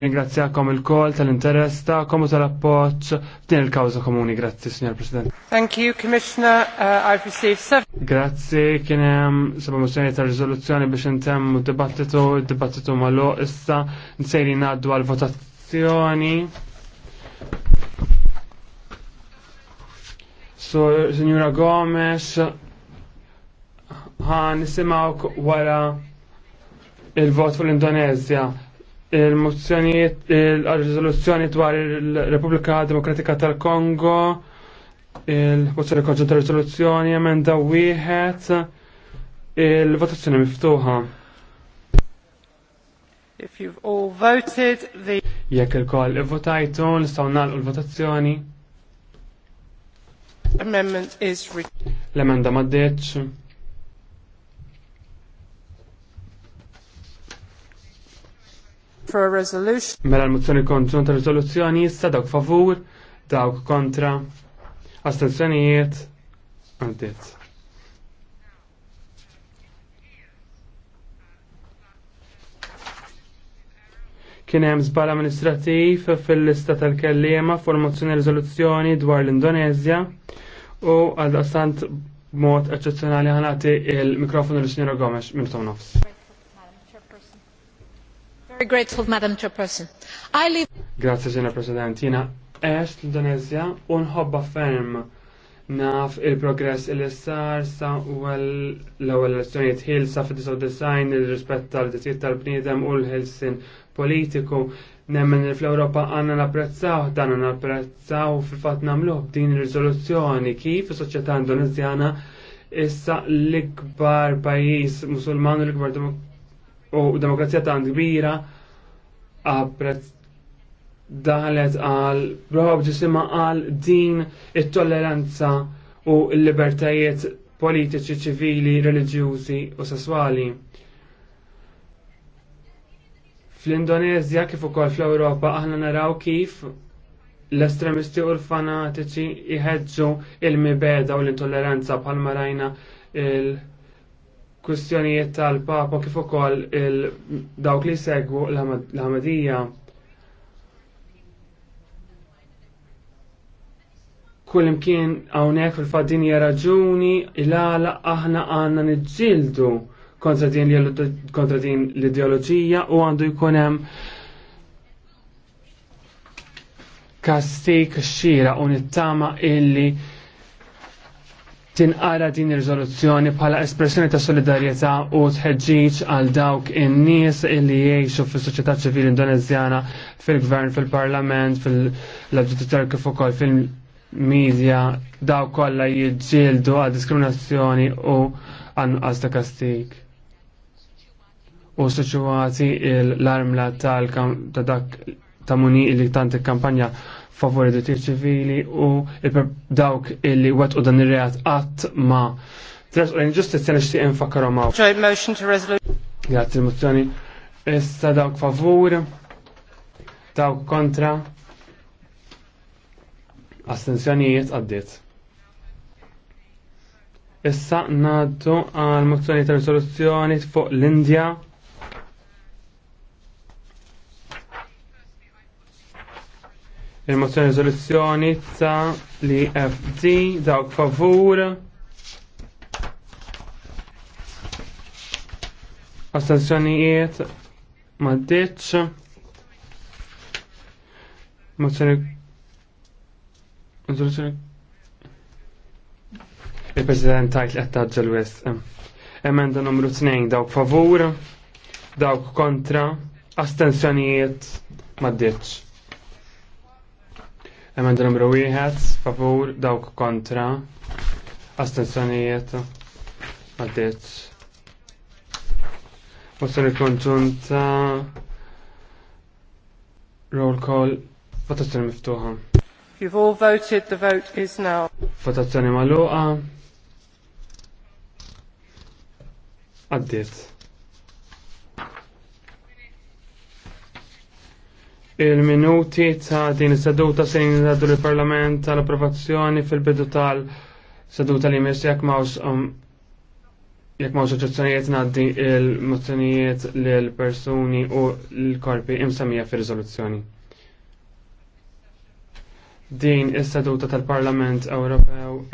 Ringrazzjakom il-kol tal-interess ta'kom u tal-appoġġ f'din il-kawża komuni. Grazzi, Signor President. Thank you, Commissioner. Uh, I've received seven. Grazzi, kien hemm seba' mozzjoni ta' riżoluzzjoni biex intemmu d-dibattitu, d-dibattitu magħluq issa nsejri ngħaddu għal votazzjoni. So, Signora Gomez, ħan nisimgħu wara il-vot fl-Indonezja il-mozzjonijiet, il rezoluzzjoni dwar il-Repubblika Demokratika tal-Kongo, il-mozzjoni konġunta rezoluzzjoni, emenda wieħed, il-votazzjoni miftuħa. If you've all voted, the... Jekk il-koll votajtu, nistgħu nagħlqu l-votazzjoni. Amendment is... L-emenda maddeċ. for a resolution. Mela l-mozzjoni ta' risoluzzjoni issa dawk favur, dawk kontra, Astenzjonijiet għandiet. Kien hemm żball amministrattiv fil-lista tal-kellima formazzjoni e riżoluzzjoni dwar l-Indonezja u għal-dastant mod eccezzjonali ħanati il-mikrofonu l-Sinjora Gomes minn nofs. Very grateful, Grazie, President. Jena est l-Indonezja unħobba ferm naf il-progress il sar sa u l-ewwel elezzjonijiet ħilsa fid-99 il-rispett tal-dizzijiet tal-bniedem u l-ħilsin politiku. Nemmen fl-Ewropa għanna napprezzaw, dan għanna napprezzaw fil-fat namluħ din rizoluzzjoni kif is-soċjetà indonezjana issa l-ikbar pajis musulman u l-ikbar u demokrazija ta' kbira għabret dalet għal brava ġisima għal din il tolleranza u l-libertajiet politiċi, ċivili, reliġjużi u sessuali. Fl-Indonezja kif ukoll fl-Ewropa aħna naraw kif l-estremisti u l-fanatiċi jħedġu il-mibeda u l-intolleranza bħal marajna il- kwistjonijiet tal-Papa kif ukoll dawk li segwu l-Ħamadija. Kull imkien hawnhekk fil-fatt din hija raġuni il-għala aħna għandna niġġieldu kontra din l-ideoloġija u għandu jkun hemm kastik xira u nittama illi tinqara din ir-riżoluzzjoni bħala espressjoni ta' solidarjetà u tħeġġiġ għal dawk in-nies li jgħixu fis-soċjetà ċivili Indonezjana fil-gvern, fil-parlament, fil-ġudizzjar kif ukoll fil-medja dawk kollha jiġġieldu għal diskriminazzjoni u għanqas ta' kastik. U soċjuwati l-armla tal-dak ta' muni li tant il-kampanja favori drittijiet ċivili u dawk illi u dan ir-reat qatt ma Tres u l-inġustizja nixtieq infakkarhom hawn. Joint motion to resolution. Grazzi mozzjoni. Issa dawk favur, dawk kontra, Astenzjonijiet għaddiet. Issa naddu għal mozzjoni ta' risoluzzjoni fuq l-Indja. Il-mozzjoni riżoluzzjoni ta' li FD dawk favur. Astenzjonijiet ma' ditx. Mozzjoni Riżoluzzjoni Il-President tajt li l west. Emenda numru 2 dawk favur, dawk kontra, astenzjonijiet ma' ditx. Emenda numru wieħed favur dawk kontra astensjonijiet għaddiet. il konġunta roll call votazzjoni miftuħa. You've all voted, the vote is now. Votazzjoni maluqa. Għaddiet. il-minuti ta' din is-seduta se jingħaddu l-Parlament tal-approvazzjoni fil-bidu tal-seduta li jmiss jekk mawx um, jekk mawx oġġezzjonijiet ngħaddi il-mozzjonijiet lill persuni u l-korpi imsemmija fir-riżoluzzjoni. Din is-seduta tal-Parlament Ewropew